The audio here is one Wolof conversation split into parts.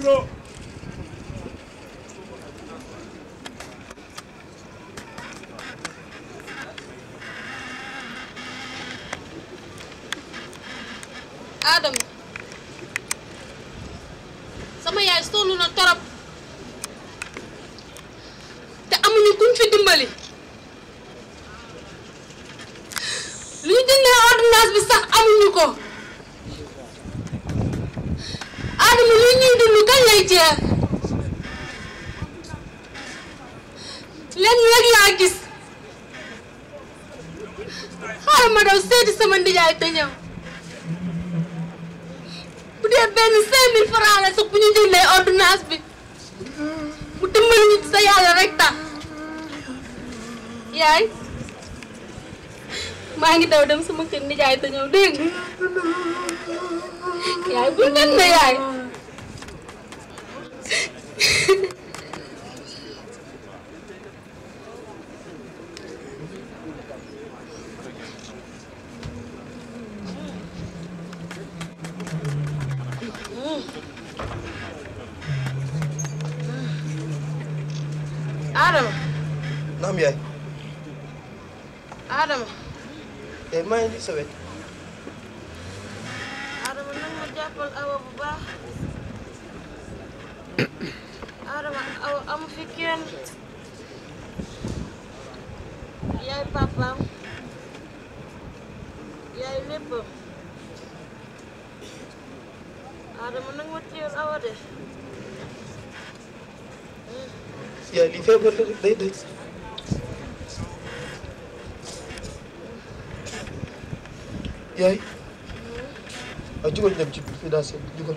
Adama sama yaay sonn na torop te amuñu kuñ fi dimbali lu ñu jëndee ordonnance bi sax amuñu ko ada melinyu dulu kan aja Len lagi agis Hal mada usia di semen di jahitnya Budia ben semil farale sok punya jen lay ordinas bi Budia melinyu di saya ala rekta Yai ya, Mangi tau dem semakin di jahitnya udeng Yai bulan deh ya. mai di sawe ara mana mo jappal awa bu ba ara ma aw am fikken yaay papa yaay lepp ara mana mo tiyal awa de ya, ya, ya li yaay waaw ah, jugal dem ci biir fii daa seet jugal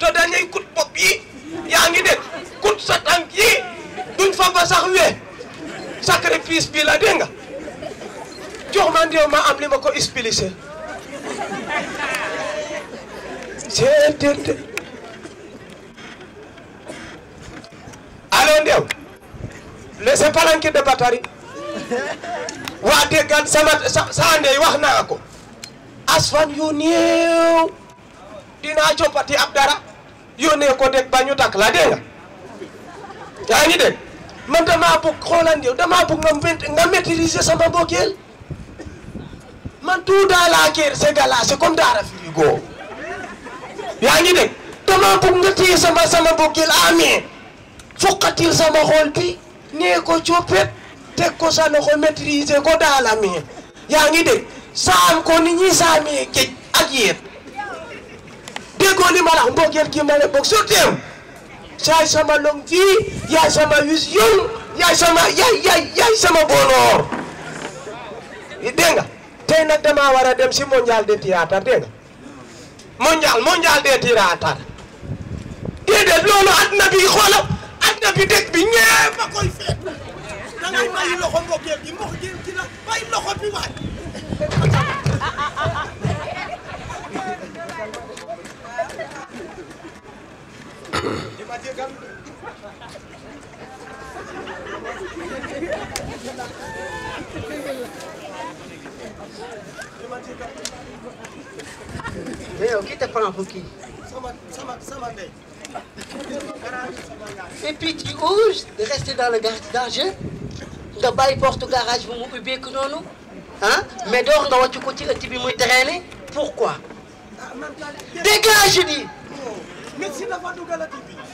te dañuy kut bopp yi yaa ngi dégg kut sa tànk yi duñ fa ba sax wee sacrifice bi la dégg jox ma ndew ma am li ma ko expliqué seetente allo ndew laissez palanquer de batari waa déggaan sama saa ndey wax naa ko asfan yu néew dinaa coppati ab dara yónnee ko deg ba ñu tàkk nga yaa ngi dégg man damaa bëgg xoolaan yow damaa bëgg nga mét sama bokkeel man tout dans la guerre c'est gala c'est frigo yaa ngi dégg damaa bëgg nga téye sama sama bokkeel amee fukkatil sama xol bi nee ko coppet teg ko sa loxo maîtriser ko daala amee yaa ngi dégg saam ko ni ñuy saamee géej ak yéen. goli mala gel ki mala bok sotem sai sama longti ya sama vision ya sama ya ya ya sama bono idenga tena dama wara dem si mondial de théâtre denga mondial mondial de théâtre dede lolu adna bi xolam adna bi dek bi ma koy fet da ngay bayyi loxo mbogel gi mbogel gi la loxo bi waay mais ok, euh, te pour qui et puis tu oses de rester dans le d'argent, de porte garage pour mu non nous, hein? mais d'or dans votre côté ci ëtt bi muy pourquoi dégage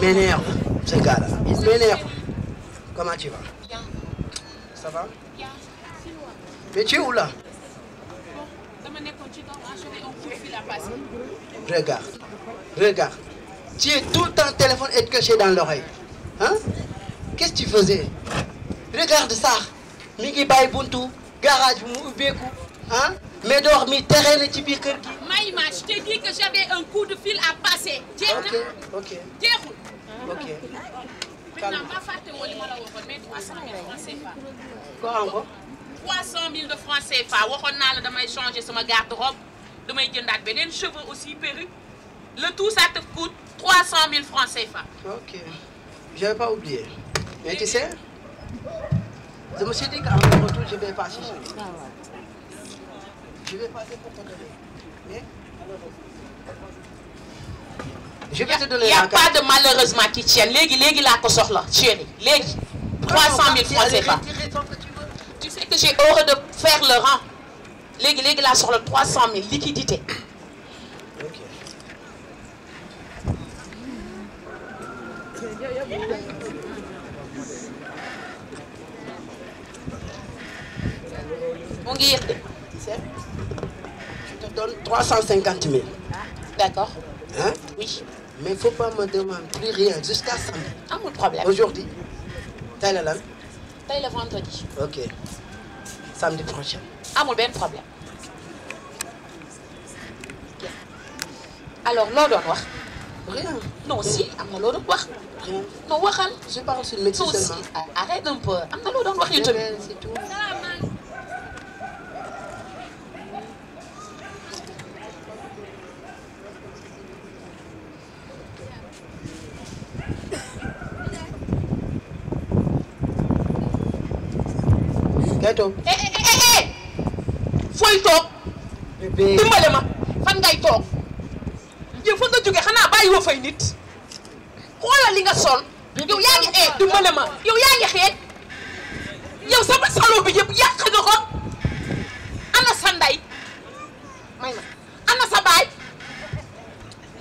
m'énerve, ben ce gars-là. Ben Il m'énerve. Comment tu vas Bien. Ça va Bien. Mais tu es où là Regarde, regarde. Tu es tout le temps téléphone et caché dans l'oreille. Hein Qu'est-ce que tu faisais Regarde ça. Migi Bay Buntu, garage Moubeku. Hein Mais dormi, terrain et Tibi Maïma, je t'ai dit que j'avais un coup de fil à passer. Ok, ok ok. maintenant je fàtte faire li 300 000 francs CFA. Quoi encore. 300 000 de francs CFA on naa la damay changer ma garde-robe damay jëndaat beneen cheveux aussi perruque le tout ça te coûte 300 000 francs CFA. ok j'avais pas oublié. mais tu sais je me suis dit qu'en retour je vais passer ah je vais passer pour te donner je vais te donner y a pas de malheureusement qui tienne légui, là, qu'on ko soxla tienne Légui. 300 000 francs tu sais que j'ai horreur de faire le rang légui, là sur le 300 000 liquidité. Ok. ngi je te donne 350 000. d'accord. Hein? Oui mais il ne faut pas me demander plus rien jusqu'à samedi. mon problème aujourd'hui tey la lan. tey le vendredi. ok samedi prochain. mon benn problème. alors loo noir. rien non si am na loo noir. non waxal. je parle sur le métier non si arrête un peu am na loo noir, wax eh ben, c'est tout. yaay toog. Eh, eh, eh, fooy toog. bébé dimbale ma fan ngay toog. yow fa nga jógee xanaa bàyyi woo fay nit. xoolal li nga sol. yow yaa ngi dimbale ma yow yaa ngi xeet. yow sama salon bi yëpp yàq nga ko. ana sa ndey. ana sa baay.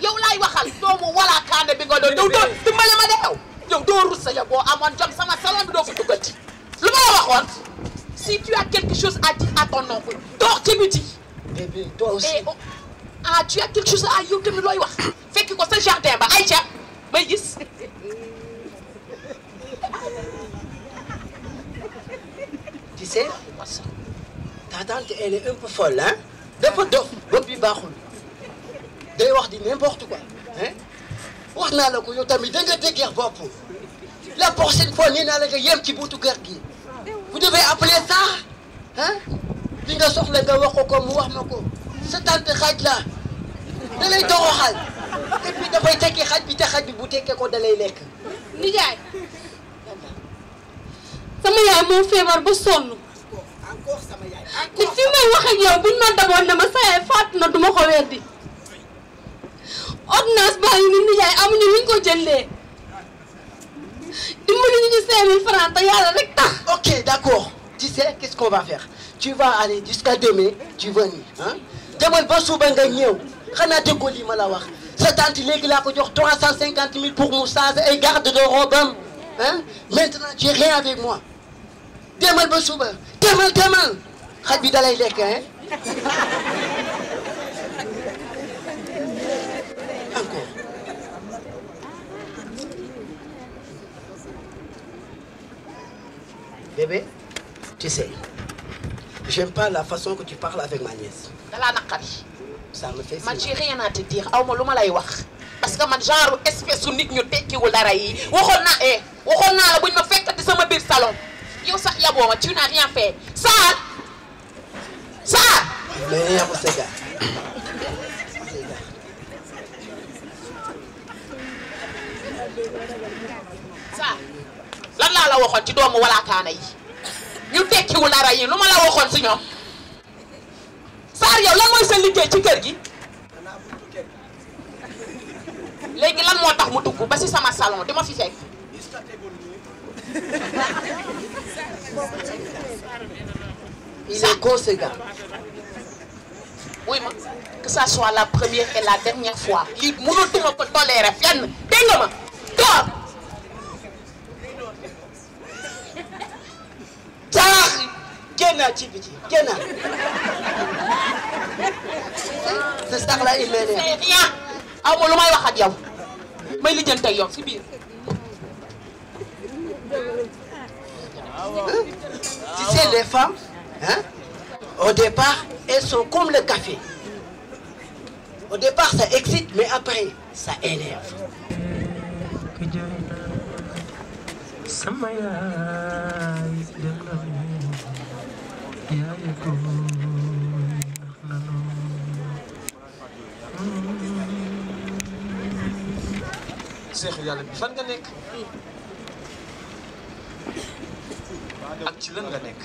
yow laay waxal doomu walaakaane bi nga doon yow doo dimbale ma de yow. yow doo rus sa yow amoon jom sama salon bi doo fa duggati. lu ma la waxoon. si tu as quelque chose à dire à ton oncle qui me dis. bébé toi aussi eh, oh. ah tu as quelque chose à dire à Fais que ko jardin bah, bah, tu sais ta tante elle est un peu folle hein n'importe quoi hein la la prochaine fois bu devez appeler ça ah li nga soxla nga wax ko mu wax ma ko sa tante xaaj la da lay toroxal et puis dafay tekki xaj bi te xaj bi bu tekkee ko da lay nijaay sama yaay moom feebar ba sonn te fi may wax ak yow buñ ma daboon ne ma sa yaay faatu na duma ko weddi ordonnance baa ngi ni nijaay amuñu luñ ko jëndee. francs ok d'accord tu sais qu'est-ce qu'on va faire tu vas aller jusqu'à demain tu vas venir. Hein? Demain, demal ba ben suba nga ñëw oh. xanaa déggoo lii ma la wax sa là 350 000 pour mon et et garde de robe hein? Hein? maintenant tu es rien avec moi Demain, ba suba ben. Demain, Demain, xaj bi dalay lekk hein Bébé, tu sais, j'aime pas la façon que tu parles avec ma nièce. ça me fait. man j'ai rien à te dire aw ma lu ma lay wax. parce que man genre espèce su ñu ñu wu dara yi waxoon na eh waxoon na la buñ ma fekkati sama bir salon yow sax yaboo ma tu n'as rien fait ça ça. mais yàqu sa gars. lan la waxon ci doomu yi ñu Tu dara yi la waxon ñom sar yow lan moy sa ci kër gi lan tax mu dugg ba sama salon ma fi il est gros ce gars que ça soit la première et la dernière fois lii ko tolérer fenn Génn ci biti c'est ça ah, la il m'énerve aw ma lu may wax ak yow may lijjante ak yow si bien hein, hein? tu sais les femmes hein au départ elles sont comme le café au départ ça excite mais après ça énerve sama seex yàlla bi fan nga nekk ci lan nga nekk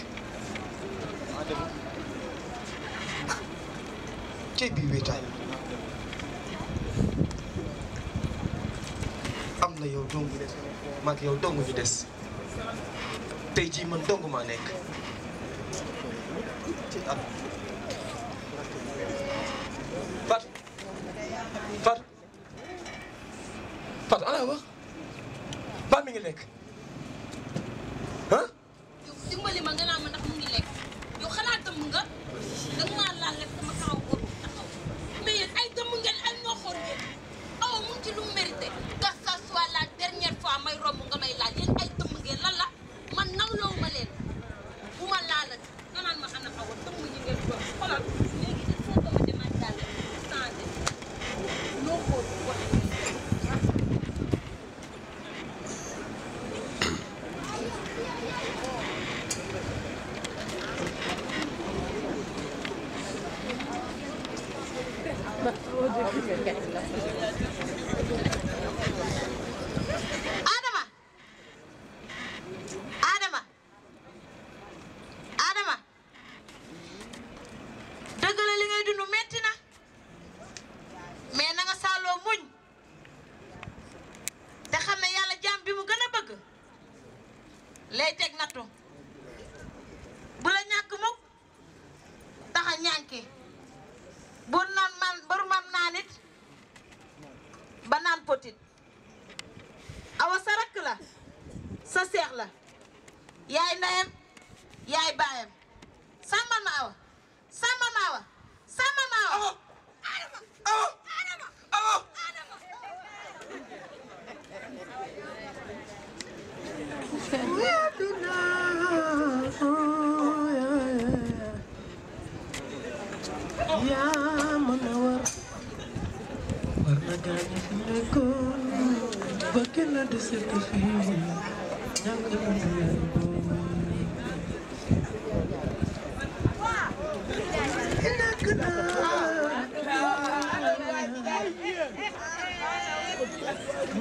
cey bii wéetaay am na yow dong maag yow dong ñu des tey jii man dong maa chị seex la yaay ndeyam yaay baayam sàmmal ma awa sàmmal ma awa sàmmal ma awa adama awa yaa mën a war war na gaañu fi nekkoon ba kenn desati fii Come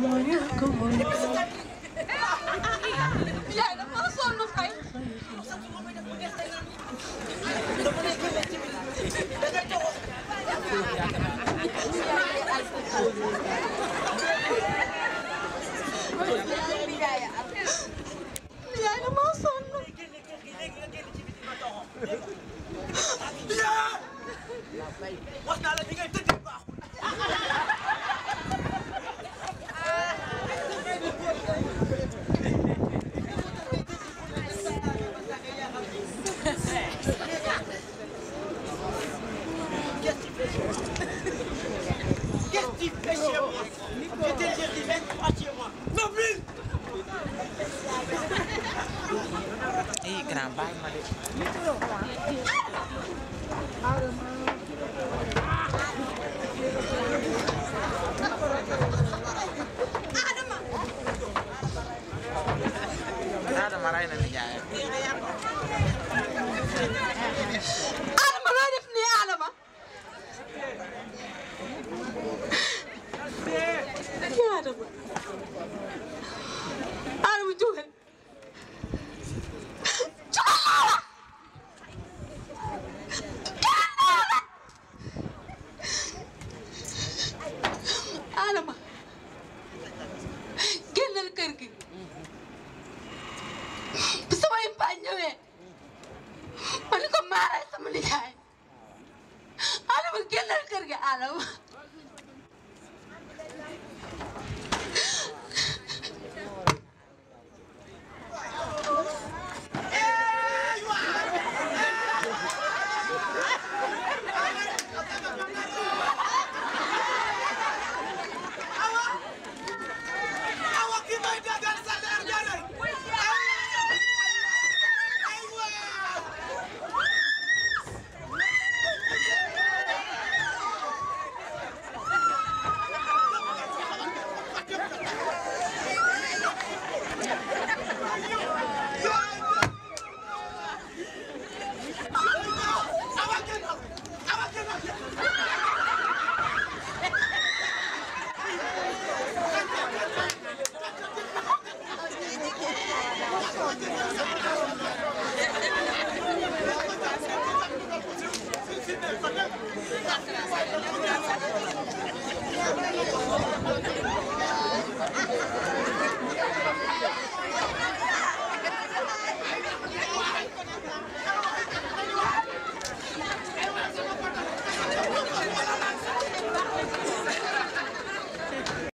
on, come on. What's that?